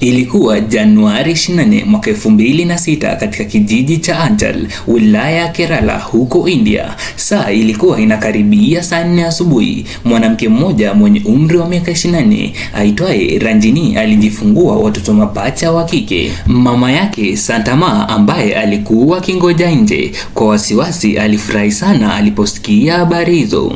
Ilikuwa Januari 24 mwaka 2006 katika kijiji cha Anchal, wilaya ya Kerala huko India. Saa ilikuwa inakaribia saa nne asubuhi. Mwanamke mmoja mwenye umri wa miaka 24 aitwaye Ranjini alijifungua watoto mapacha wa kike. Mama yake Santama ambaye alikuwa akingoja nje kwa wasiwasi, alifurahi sana aliposikia habari hizo.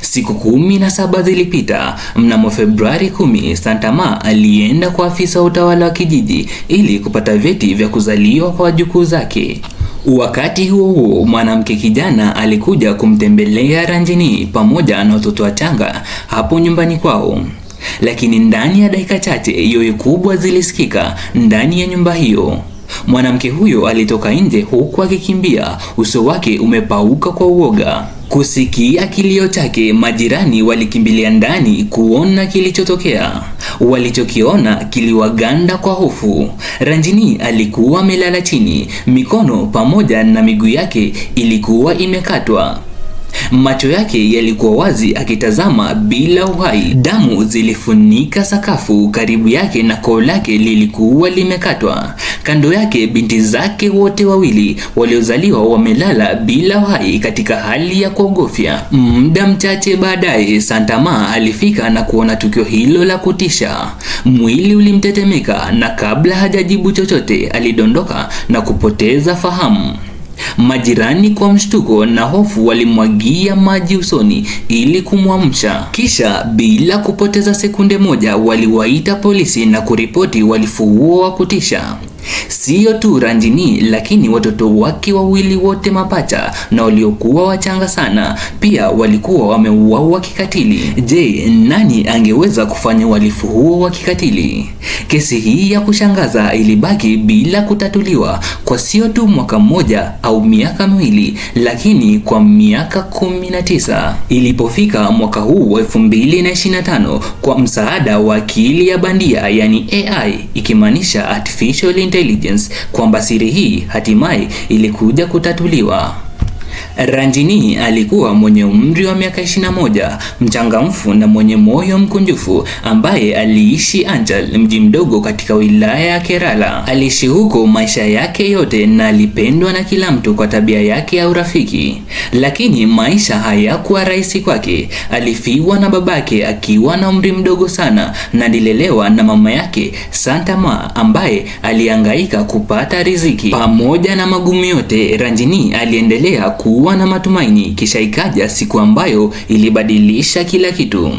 Siku kumi na saba zilipita. Mnamo Februari kumi, Santama alienda kwa afisa wa utawala wa kijiji ili kupata vyeti vya kuzaliwa kwa wajukuu zake. Wakati huo huo, mwanamke kijana alikuja kumtembelea Ranjini pamoja na watoto wachanga hapo nyumbani kwao. Lakini ndani ya dakika chache yoyo kubwa zilisikika ndani ya nyumba hiyo. Mwanamke huyo alitoka nje huku akikimbia, uso wake umepauka kwa uoga. Kusikia kilio chake, majirani walikimbilia ndani kuona kilichotokea. Walichokiona kiliwaganda kwa hofu. Ranjini alikuwa amelala chini, mikono pamoja na miguu yake ilikuwa imekatwa. Macho yake yalikuwa wazi akitazama bila uhai. Damu zilifunika sakafu karibu yake na koo lake lilikuwa limekatwa. Kando yake binti zake wote wawili waliozaliwa wamelala bila uhai katika hali ya kuogofya. Muda mchache baadaye, Santama alifika na kuona tukio hilo la kutisha. Mwili ulimtetemeka na kabla hajajibu chochote alidondoka na kupoteza fahamu. Majirani kwa mshtuko na hofu walimwagia maji usoni ili kumwamsha, kisha bila kupoteza sekunde moja waliwaita polisi na kuripoti walifuua wa kutisha. Siyo tu Ranjini lakini watoto wake wawili wote mapacha na waliokuwa wachanga sana pia walikuwa wameuawa kikatili. Je, nani angeweza kufanya uhalifu huo wa kikatili? Kesi hii ya kushangaza ilibaki bila kutatuliwa kwa sio tu mwaka mmoja au miaka miwili, lakini kwa miaka kumi na tisa Ilipofika mwaka huu wa tano kwa msaada wa akili ya bandia yani AI ikimaanisha artificial Intelligence kwamba siri hii hatimaye ilikuja kutatuliwa. Ranjini alikuwa mwenye umri wa miaka 21, mchangamfu na mwenye moyo mkunjufu ambaye aliishi Anchal, mji mdogo katika wilaya ya Kerala. Aliishi huko maisha yake yote na alipendwa na kila mtu kwa tabia yake ya urafiki, lakini maisha hayakuwa rahisi kwake. Alifiwa na babake akiwa na umri mdogo sana na alilelewa na mama yake Santa Ma ambaye aliangaika kupata riziki. Pamoja na magumu yote, Ranjini aliendelea ku na matumaini. Kisha ikaja siku ambayo ilibadilisha kila kitu.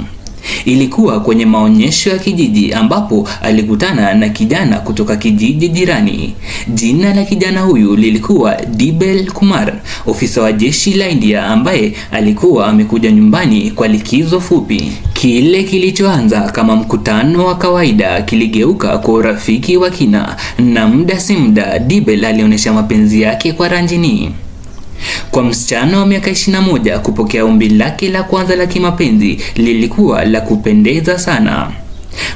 Ilikuwa kwenye maonyesho ya kijiji ambapo alikutana na kijana kutoka kijiji jirani. Jina la kijana huyu lilikuwa Dibel Kumar, ofisa wa jeshi la India ambaye alikuwa amekuja nyumbani kwa likizo fupi. Kile kilichoanza kama mkutano wa kawaida kiligeuka kwa urafiki wa kina, na muda si muda Dibel alionyesha mapenzi yake kwa Ranjini. Kwa msichana wa miaka 21 kupokea umbi lake la kwanza la kimapenzi lilikuwa la kupendeza sana.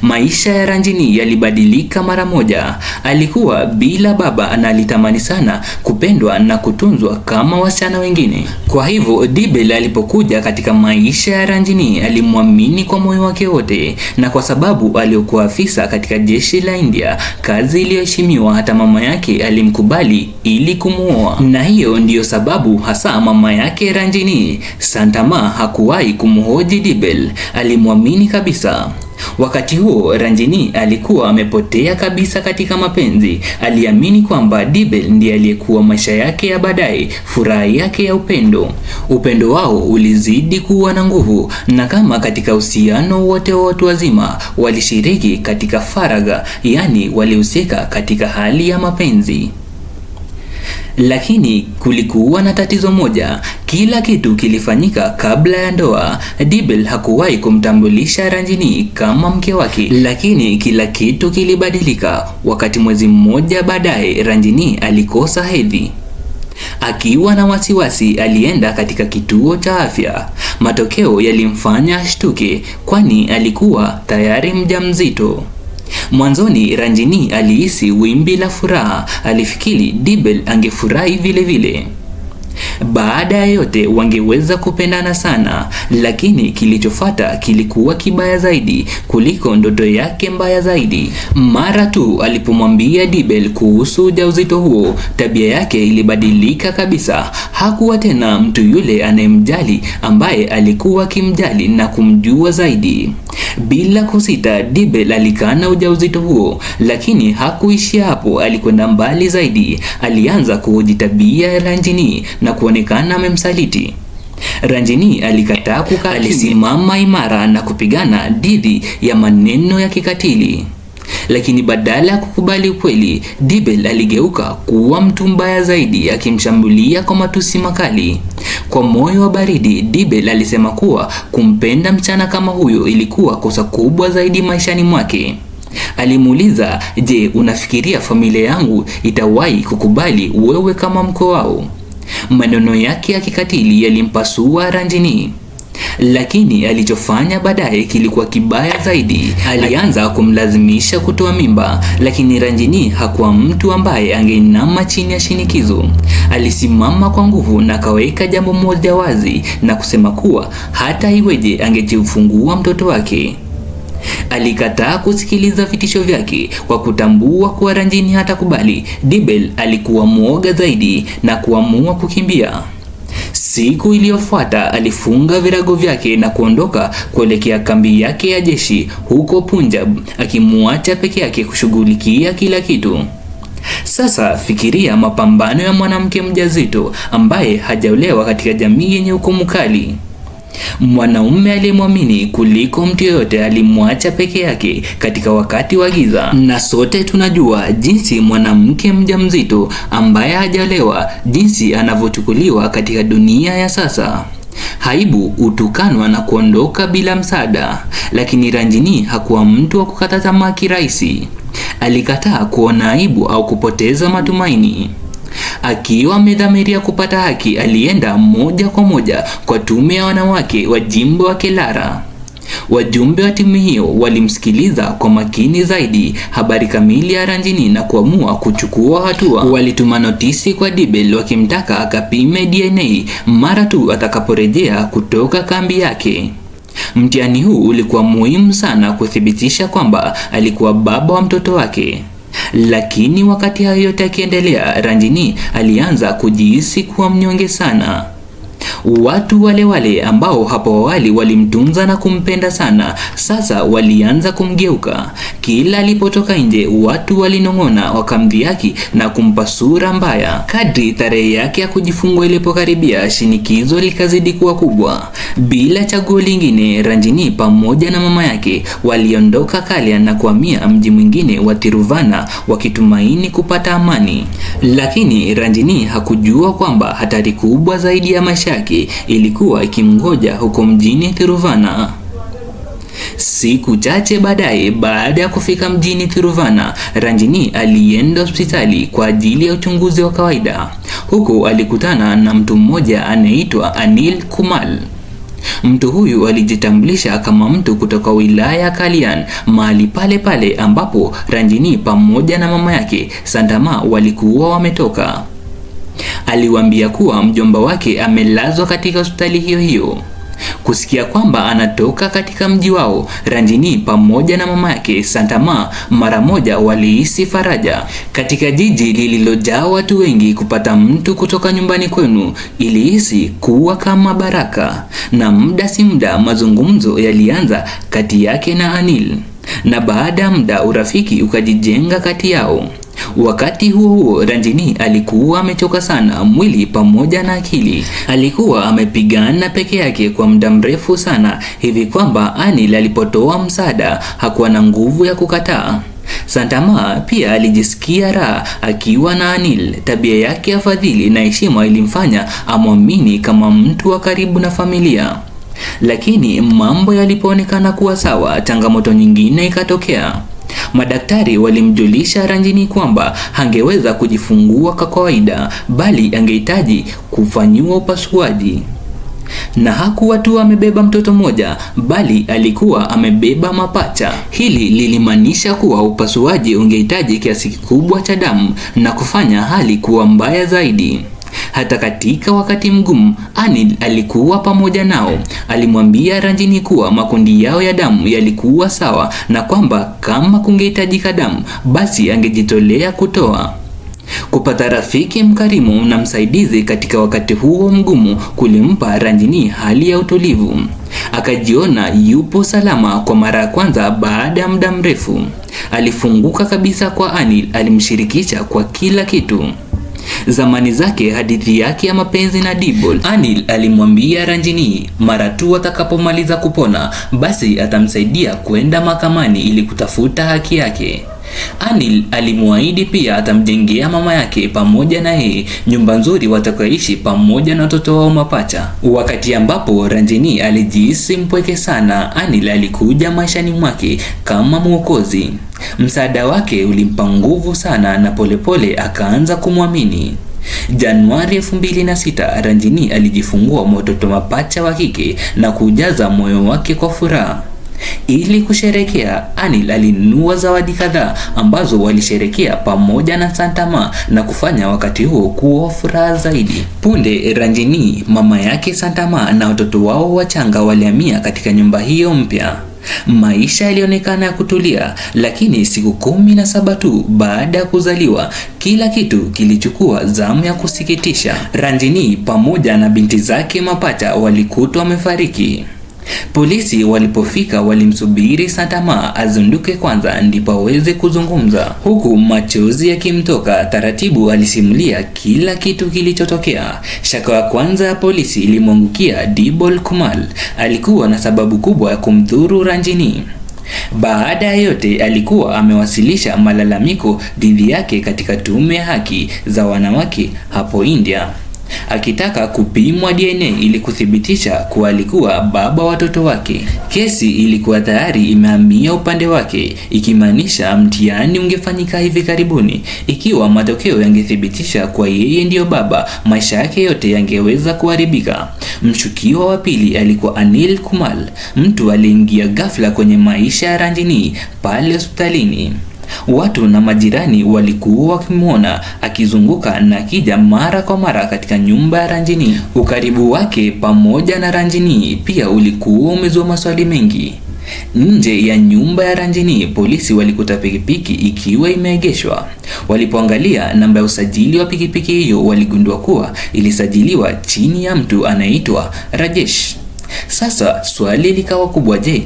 Maisha ya Ranjini yalibadilika mara moja. Alikuwa bila baba na alitamani sana kupendwa na kutunzwa kama wasichana wengine. Kwa hivyo, Dibel alipokuja katika maisha ya Ranjini alimwamini kwa moyo wake wote, na kwa sababu aliokuwa afisa katika jeshi la India, kazi iliyoheshimiwa, hata mama yake alimkubali ili kumuoa, na hiyo ndiyo sababu hasa mama yake Ranjini Santama hakuwahi kumhoji Dibel, alimwamini kabisa. Wakati huo Ranjini alikuwa amepotea kabisa katika mapenzi. Aliamini kwamba Dibel ndiye aliyekuwa maisha yake ya baadaye, furaha yake ya upendo. Upendo wao ulizidi kuwa na nguvu, na kama katika uhusiano wote wa watu wazima, walishiriki katika faragha, yaani walihusika katika hali ya mapenzi. Lakini kulikuwa na tatizo moja. Kila kitu kilifanyika kabla ya ndoa. Dibel hakuwahi kumtambulisha Ranjini kama mke wake, lakini kila kitu kilibadilika wakati mwezi mmoja baadaye Ranjini alikosa hedhi. Akiwa na wasiwasi alienda katika kituo cha afya. Matokeo yalimfanya ashtuke, kwani alikuwa tayari mjamzito. Mwanzoni Ranjini alihisi wimbi la furaha, alifikiri Dibel angefurahi vile vile. Baada ya yote, wangeweza kupendana sana, lakini kilichofuata kilikuwa kibaya zaidi kuliko ndoto yake mbaya zaidi. Mara tu alipomwambia Dibel kuhusu ujauzito huo, tabia yake ilibadilika kabisa. Hakuwa tena mtu yule anayemjali ambaye alikuwa akimjali na kumjua zaidi. Bila kusita, Dibel alikana ujauzito huo, lakini hakuishia hapo. Alikwenda mbali zaidi, alianza kuhoji tabia ya Ranjini na ku kuonekana amemsaliti. Ranjini alikataa kukaa, alisimama imara na kupigana dhidi ya maneno ya kikatili. Lakini badala ya kukubali ukweli, Dibel aligeuka kuwa mtu mbaya zaidi, akimshambulia kwa matusi makali. Kwa moyo wa baridi, Dibel alisema kuwa kumpenda mchana kama huyo ilikuwa kosa kubwa zaidi maishani mwake. Alimuuliza, "Je, unafikiria familia yangu itawahi kukubali wewe kama mko wao?" Maneno yake ya kikatili yalimpasua Ranjini, lakini alichofanya baadaye kilikuwa kibaya zaidi. Alianza kumlazimisha kutoa mimba, lakini Ranjini hakuwa mtu ambaye angeinama chini ya shinikizo. Alisimama kwa nguvu na akaweka jambo moja wazi na kusema kuwa hata iweje angejifungua mtoto wake. Alikataa kusikiliza vitisho vyake kwa kutambua kuwa Ranjini hatakubali. Dibel alikuwa mwoga zaidi na kuamua kukimbia. Siku iliyofuata alifunga virago vyake na kuondoka kuelekea kambi yake ya jeshi huko Punjab, akimwacha peke yake kushughulikia kila kitu. Sasa fikiria mapambano ya mwanamke mjazito ambaye hajaolewa katika jamii yenye hukumu kali. Mwanaume aliyemwamini kuliko mtu yoyote alimwacha peke yake katika wakati wa giza, na sote tunajua jinsi mwanamke mjamzito ambaye hajalewa jinsi anavyochukuliwa katika dunia ya sasa. Haibu utukanwa na kuondoka bila msaada, lakini Ranjini hakuwa mtu wa kukata tamaa kirahisi. Alikataa kuona aibu au kupoteza matumaini. Akiwa amedhamiria kupata haki, alienda moja kwa moja kwa tume ya wanawake wa jimbo wa Kelara. Wajumbe wa timu hiyo walimsikiliza kwa makini zaidi habari kamili ya Ranjini na kuamua kuchukua hatua. Walituma notisi kwa Dibel wakimtaka akapime DNA mara tu atakaporejea kutoka kambi yake. Mtihani huu ulikuwa muhimu sana kuthibitisha kwamba alikuwa baba wa mtoto wake. Lakini wakati hayo yote akiendelea, Ranjini alianza kujihisi kuwa mnyonge sana. Watu wale wale ambao hapo awali walimtunza na kumpenda sana, sasa walianza kumgeuka. Kila alipotoka nje, watu walinong'ona, wakamdhihaki na kumpa sura mbaya. Kadri tarehe yake ya kujifungua ilipokaribia, shinikizo likazidi kuwa kubwa. Bila chaguo lingine, Ranjini pamoja na mama yake waliondoka Kalia na kuhamia mji mwingine wa Tiruvana wakitumaini kupata amani, lakini Ranjini hakujua kwamba hatari kubwa zaidi ya maisha yake yake ilikuwa ikimngoja huko mjini Thiruvana. Siku chache baadaye, baada ya kufika mjini Thiruvana, Ranjini alienda hospitali kwa ajili ya uchunguzi wa kawaida. Huko alikutana na mtu mmoja anaitwa Anil Kumal. Mtu huyu alijitambulisha kama mtu kutoka wilaya ya kalian mahali pale pale ambapo Ranjini pamoja na mama yake Santama walikuwa wametoka. Aliwaambia kuwa mjomba wake amelazwa katika hospitali hiyo hiyo. Kusikia kwamba anatoka katika mji wao Ranjini pamoja na mama yake Santama mara moja walihisi faraja. Katika jiji lililojaa watu wengi, kupata mtu kutoka nyumbani kwenu ilihisi kuwa kama baraka, na muda si muda mazungumzo yalianza kati yake na Anil, na baada ya muda urafiki ukajijenga kati yao. Wakati huo huo, Ranjini alikuwa amechoka sana mwili pamoja na akili. Alikuwa amepigana peke yake kwa muda mrefu sana hivi kwamba Anil alipotoa msaada hakuwa na nguvu ya kukataa. Santama pia alijisikia raha akiwa na Anil. Tabia yake ya fadhili na heshima ilimfanya amwamini kama mtu wa karibu na familia. Lakini mambo yalipoonekana kuwa sawa, changamoto nyingine ikatokea. Madaktari walimjulisha Ranjini kwamba hangeweza kujifungua kwa kawaida, bali angehitaji kufanyiwa upasuaji na hakuwa tu amebeba mtoto mmoja bali alikuwa amebeba mapacha. Hili lilimaanisha kuwa upasuaji ungehitaji kiasi kikubwa cha damu na kufanya hali kuwa mbaya zaidi. Hata katika wakati mgumu, Anil alikuwa pamoja nao. Alimwambia Ranjini kuwa makundi yao ya damu yalikuwa sawa na kwamba kama kungehitajika damu, basi angejitolea kutoa. Kupata rafiki mkarimu na msaidizi katika wakati huo mgumu kulimpa Ranjini hali ya utulivu. Akajiona yupo salama kwa mara ya kwanza baada ya muda mrefu. Alifunguka kabisa kwa Anil, alimshirikisha kwa kila kitu zamani zake, hadithi yake ya mapenzi na Dibol. Anil alimwambia Ranjini mara tu atakapomaliza kupona, basi atamsaidia kwenda mahakamani ili kutafuta haki yake. Anil alimuahidi pia atamjengea mama yake pamoja na yeye nyumba nzuri watakaoishi pamoja na watoto wao mapacha. Wakati ambapo Ranjini alijihisi mpweke sana, Anil alikuja maishani mwake kama mwokozi. Msaada wake ulimpa nguvu sana na polepole pole akaanza kumwamini. Januari 2006 Ranjini alijifungua mtoto mapacha wa kike na kujaza moyo wake kwa furaha. Ili kusherekea, Anil alinunua zawadi kadhaa ambazo walisherekea pamoja na Santama na kufanya wakati huo kuwa furaha zaidi. Punde Ranjini, mama yake Santama na watoto wao wachanga walihamia katika nyumba hiyo mpya. Maisha yalionekana ya kutulia, lakini siku kumi na saba tu baada ya kuzaliwa, kila kitu kilichukua zamu ya kusikitisha. Ranjini pamoja na binti zake mapacha walikutwa wamefariki. Polisi walipofika walimsubiri Satama azunduke kwanza ndipo aweze kuzungumza, huku machozi yakimtoka taratibu. Alisimulia kila kitu kilichotokea. Shaka ya kwanza ya polisi ilimwangukia Dibol Kumal, alikuwa na sababu kubwa ya kumdhuru Ranjini. Baada ya yote, alikuwa amewasilisha malalamiko dhidi yake katika tume ya haki za wanawake hapo India akitaka kupimwa DNA ili kuthibitisha kuwa alikuwa baba watoto wake. Kesi ilikuwa tayari imehamia upande wake, ikimaanisha mtihani ungefanyika hivi karibuni. Ikiwa matokeo yangethibitisha kuwa yeye ndiyo baba, maisha yake yote yangeweza kuharibika. Mshukiwa wa pili alikuwa Anil Kumal, mtu aliingia ghafla kwenye maisha ya Ranjini pale hospitalini. Watu na majirani walikuwa wakimwona akizunguka na akija mara kwa mara katika nyumba ya Ranjini. Ukaribu wake pamoja na Ranjini pia ulikuwa umezua maswali mengi. Nje ya nyumba ya Ranjini polisi walikuta pikipiki ikiwa imeegeshwa. Walipoangalia namba ya usajili wa pikipiki hiyo, waligundua kuwa ilisajiliwa chini ya mtu anaitwa Rajesh. Sasa swali likawa kubwa, je,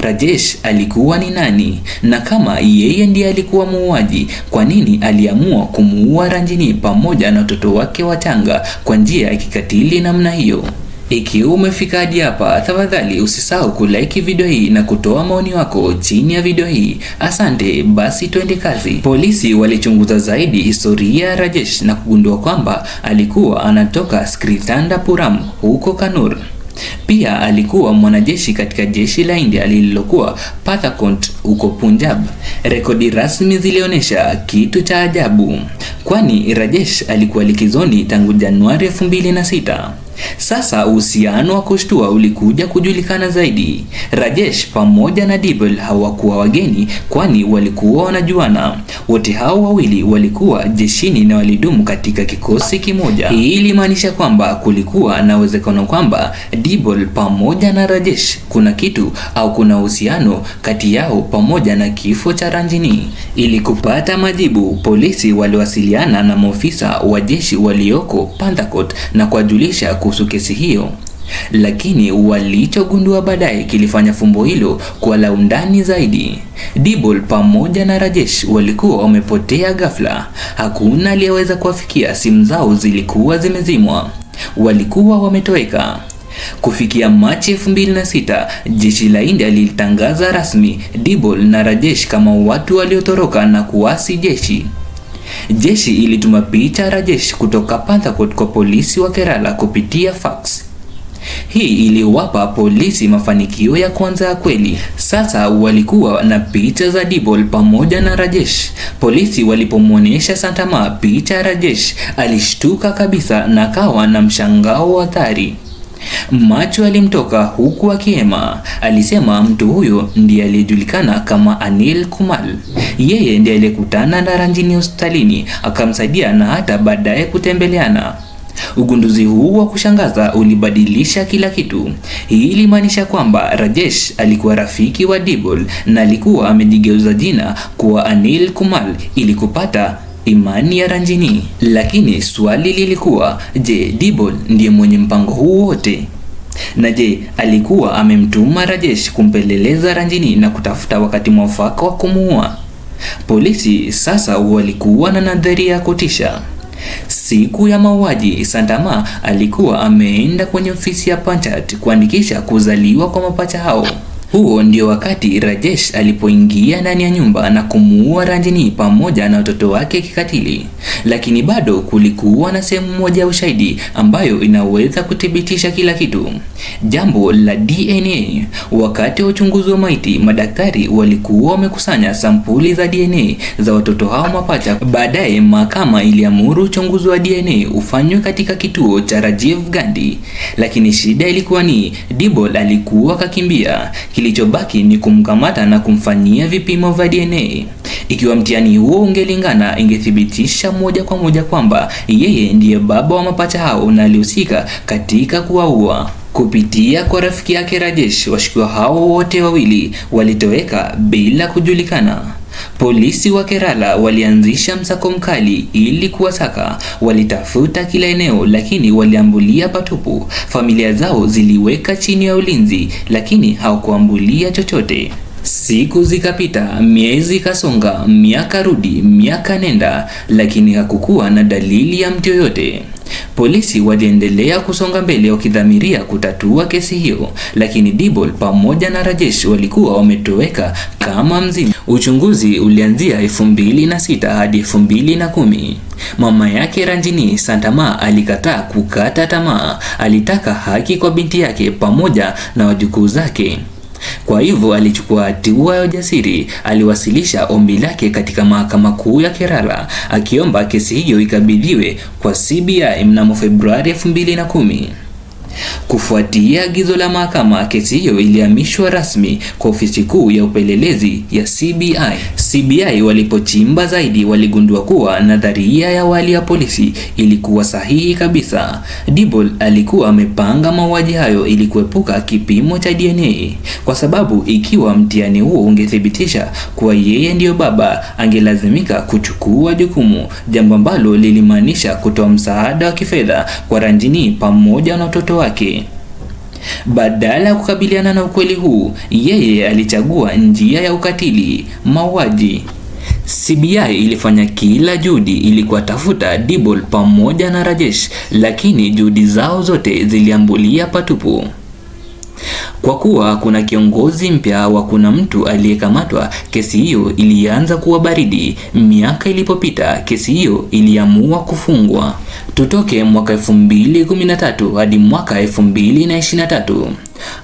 Rajesh alikuwa ni nani? Na kama yeye ndiye alikuwa muuaji, kwa nini aliamua kumuua Ranjini pamoja na watoto wake wachanga kwa njia ya kikatili namna hiyo? Ikiwa umefika hadi hapa, tafadhali usisahau kulike video hii na kutoa maoni wako chini ya video hii. Asante, basi twende kazi. Polisi walichunguza zaidi historia ya Rajesh na kugundua kwamba alikuwa anatoka Skrithandappuram huko Kanur. Pia alikuwa mwanajeshi katika jeshi la India lililokuwa Pathankot huko Punjab. Rekodi rasmi zilionyesha kitu cha ajabu, kwani Rajesh alikuwa likizoni tangu Januari 2006. Sasa uhusiano wa kushtua ulikuja kujulikana zaidi. Rajesh pamoja na Dibel hawakuwa wageni, kwani walikuwa wanajuana. Wote hao wawili walikuwa jeshini na walidumu katika kikosi kimoja. Hii ilimaanisha kwamba kulikuwa na uwezekano kwamba Dibel pamoja na Rajesh kuna kitu au kuna uhusiano kati yao, pamoja na kifo cha Ranjini. Ili kupata majibu, polisi waliwasiliana na maofisa wa jeshi walioko Pandakot na kuwajulisha kuhusu kesi hiyo, lakini walichogundua baadaye kilifanya fumbo hilo kwa la undani zaidi. Dibol pamoja na Rajesh walikuwa wamepotea ghafla, hakuna aliyeweza kuwafikia, simu zao zilikuwa zimezimwa, walikuwa wametoweka. Kufikia Machi 2006, jeshi la India lilitangaza rasmi Dibol na Rajesh kama watu waliotoroka na kuasi jeshi. Jeshi ilituma picha rajeshi kutoka Panthakuti kwa polisi wa Kerala kupitia fax. Hii iliwapa polisi mafanikio ya kwanza ya kweli. Sasa walikuwa na picha za Dibol pamoja na Rajesh. Polisi walipomwonyesha Santama picha ya Rajesh, alishtuka kabisa na kawa na mshangao wa hatari. Macho alimtoka huku akiema. Alisema mtu huyo ndiye aliyejulikana kama Anil Kumal. Yeye ndiye aliyekutana na Ranjini hospitalini, akamsaidia na hata baadaye kutembeleana. Ugunduzi huu wa kushangaza ulibadilisha kila kitu. Hii ilimaanisha kwamba Rajesh alikuwa rafiki wa Dibol na alikuwa amejigeuza jina kuwa Anil Kumal ili kupata imani ya Ranjini. Lakini swali lilikuwa, je, Dibol ndiye mwenye mpango huu wote? Na je, alikuwa amemtuma Rajesh kumpeleleza Ranjini na kutafuta wakati mwafaka wa kumuua? Polisi sasa walikuwa na nadharia ya kutisha. Siku ya mauaji, Santama alikuwa ameenda kwenye ofisi ya Panchat kuandikisha kuzaliwa kwa mapacha hao. Huo ndio wakati Rajesh alipoingia ndani ya nyumba na kumuua Ranjini pamoja na watoto wake kikatili, lakini bado kulikuwa na sehemu moja ya ushahidi ambayo inaweza kuthibitisha kila kitu. Jambo la DNA. Wakati wa uchunguzi wa maiti, madaktari walikuwa wamekusanya sampuli za DNA za watoto hao mapacha. Baadaye mahakama iliamuru uchunguzi wa DNA ufanywe katika kituo cha Rajiv Gandhi, lakini shida ilikuwa ni Dibol alikuwa kakimbia. Kilichobaki ni kumkamata na kumfanyia vipimo vya DNA. Ikiwa mtihani huo ungelingana, ingethibitisha moja kwa moja kwamba yeye ndiye baba wa mapacha hao na alihusika katika kuwaua kupitia kwa rafiki yake Rajesh. Washukiwa hao wote wawili walitoweka bila kujulikana. Polisi wa Kerala walianzisha msako mkali ili kuwasaka. Walitafuta kila eneo, lakini waliambulia patupu. Familia zao ziliweka chini ya ulinzi, lakini hawakuambulia chochote. Siku zikapita, miezi kasonga miaka rudi, miaka nenda, lakini hakukuwa na dalili ya mtu yoyote. Polisi waliendelea kusonga mbele wakidhamiria kutatua kesi hiyo, lakini Dibol pamoja na Rajesh walikuwa wametoweka kama mzimu. Uchunguzi ulianzia elfu mbili na sita hadi elfu mbili na kumi. Mama yake Ranjini Santama alikataa kukata tamaa, alitaka haki kwa binti yake pamoja na wajukuu zake. Kwa hivyo alichukua hatua ya ujasiri, aliwasilisha ombi lake katika mahakama kuu ya Kerala akiomba kesi hiyo ikabidhiwe kwa CBI mnamo Februari 2010. Kufuatia agizo la mahakama, kesi hiyo ilihamishwa rasmi kwa ofisi kuu ya upelelezi ya CBI. CBI walipochimba zaidi waligundua kuwa nadharia ya awali ya polisi ilikuwa sahihi kabisa. Dibol alikuwa amepanga mauaji hayo ili kuepuka kipimo cha DNA, kwa sababu ikiwa mtihani huo ungethibitisha kuwa yeye ndiyo baba, angelazimika kuchukua jukumu, jambo ambalo lilimaanisha kutoa msaada wa kifedha kwa Ranjini pamoja na watoto wake. Badala ya kukabiliana na ukweli huu, yeye alichagua njia ya ukatili, mauaji. CBI ilifanya kila juhudi ili kuwatafuta Dibol pamoja na Rajesh, lakini juhudi zao zote ziliambulia patupu. Kwa kuwa kuna kiongozi mpya wa kuna mtu aliyekamatwa, kesi hiyo ilianza kuwa baridi. Miaka ilipopita, kesi hiyo iliamua kufungwa. Tutoke mwaka 2013 hadi mwaka 2023.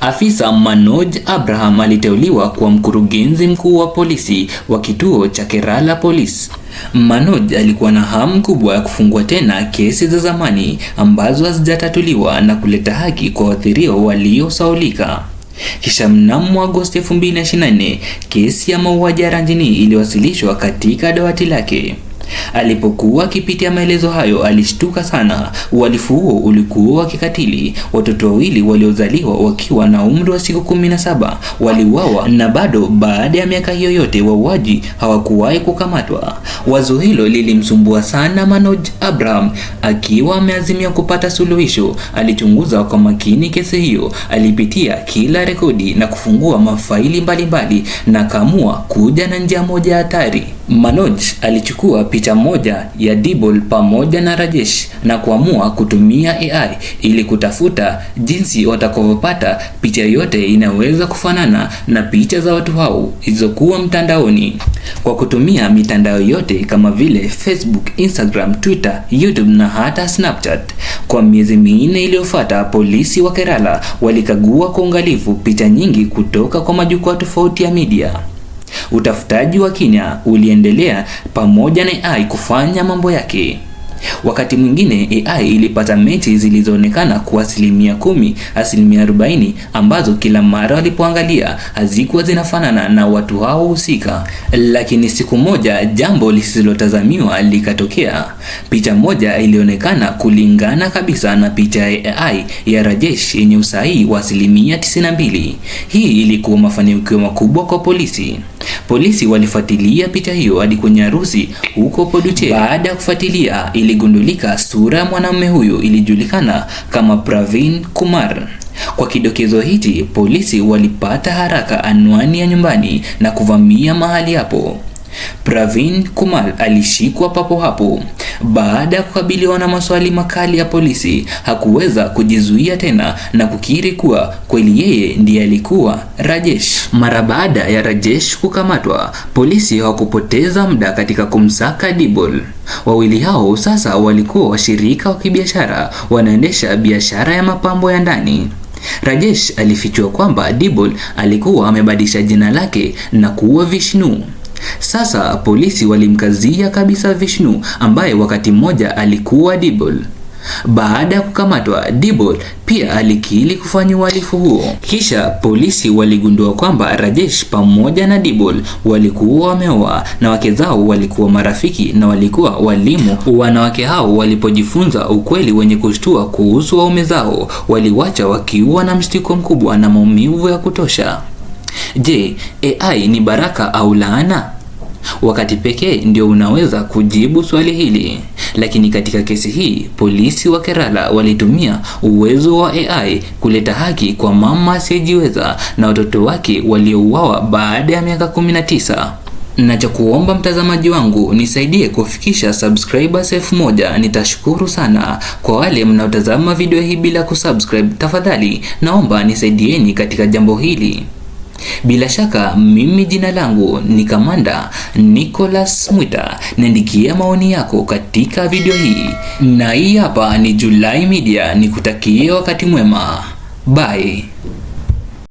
Afisa Manoj Abraham aliteuliwa kuwa mkurugenzi mkuu wa polisi wa kituo cha Kerala Police. Manoj alikuwa na hamu kubwa ya kufungua tena kesi za zamani ambazo hazijatatuliwa na kuleta haki kwa waathiriwa waliosaulika. Kisha mnamo Agosti 2024 kesi ya mauaji ya Ranjini iliwasilishwa katika dawati lake. Alipokuwa akipitia maelezo hayo alishtuka sana. Uhalifu huo ulikuwa wa kikatili. Watoto wawili waliozaliwa wakiwa na umri wa siku kumi na saba waliuawa, na bado baada ya miaka hiyo yote wauaji hawakuwahi kukamatwa. Wazo hilo lilimsumbua sana Manoj Abraham. Akiwa ameazimia kupata suluhisho, alichunguza kwa makini kesi hiyo, alipitia kila rekodi na kufungua mafaili mbalimbali mbali, na kaamua kuja na njia moja hatari. Manoj alichukua picha moja ya Dibol pamoja na Rajesh na kuamua kutumia AI ili kutafuta jinsi watakavyopata picha yote inaweza kufanana na picha za watu hao ilizokuwa mtandaoni kwa kutumia mitandao yote kama vile Facebook, Instagram, Twitter, YouTube na hata Snapchat. Kwa miezi minne iliyofuata, polisi wa Kerala walikagua kwa uangalifu picha nyingi kutoka kwa majukwaa tofauti ya media. Utafutaji wa kinya uliendelea pamoja na AI kufanya mambo yake. Wakati mwingine AI ilipata mechi zilizoonekana kuwa asilimia kumi, asilimia arobaini ambazo kila mara walipoangalia hazikuwa zinafanana na watu hao husika. Lakini siku moja jambo lisilotazamiwa likatokea. Picha moja ilionekana kulingana kabisa na picha ya AI ya Rajesh yenye usahihi wa asilimia 92. Hii ilikuwa mafanikio makubwa kwa polisi. Polisi walifuatilia picha hiyo hadi kwenye harusi huko Poduche. Baada ya kufuatilia, iligundulika sura ya mwanamume huyo ilijulikana kama Pravin Kumar. Kwa kidokezo hichi, polisi walipata haraka anwani ya nyumbani na kuvamia mahali hapo. Pravin Kumal alishikwa papo hapo. Baada ya kukabiliwa na maswali makali ya polisi, hakuweza kujizuia tena na kukiri kuwa kweli yeye ndiye alikuwa Rajesh. Mara baada ya Rajesh kukamatwa, polisi hawakupoteza muda katika kumsaka Dibol. Wawili hao sasa walikuwa washirika wa kibiashara, wanaendesha biashara ya mapambo ya ndani. Rajesh alifichua kwamba Dibol alikuwa amebadilisha jina lake na kuwa Vishnu. Sasa polisi walimkazia kabisa Vishnu ambaye wakati mmoja alikuwa Dibol. Baada ya kukamatwa, Dibol pia alikiri kufanya uhalifu huo. Kisha polisi waligundua kwamba Rajesh pamoja na Dibol walikuwa wameoa na wake zao walikuwa marafiki na walikuwa walimu. Wanawake hao walipojifunza ukweli wenye kushtua kuhusu waume zao, waliwacha wakiwa na mshtuko mkubwa na maumivu ya kutosha. Je, AI ni baraka au laana? Wakati pekee ndio unaweza kujibu swali hili, lakini katika kesi hii polisi wa Kerala walitumia uwezo wa AI kuleta haki kwa mama asiyejiweza na watoto wake waliouawa baada ya miaka 19. Na cha kuomba mtazamaji wangu nisaidie kufikisha subscribers elfu moja. Nitashukuru sana kwa wale mnaotazama video hii bila kusubscribe. Tafadhali naomba nisaidieni katika jambo hili. Bila shaka mimi jina langu ni Kamanda Nicholas Mwita. Niandikia maoni yako katika video hii, na hii hapa ni Julai Media, nikutakie wakati mwema. Bye.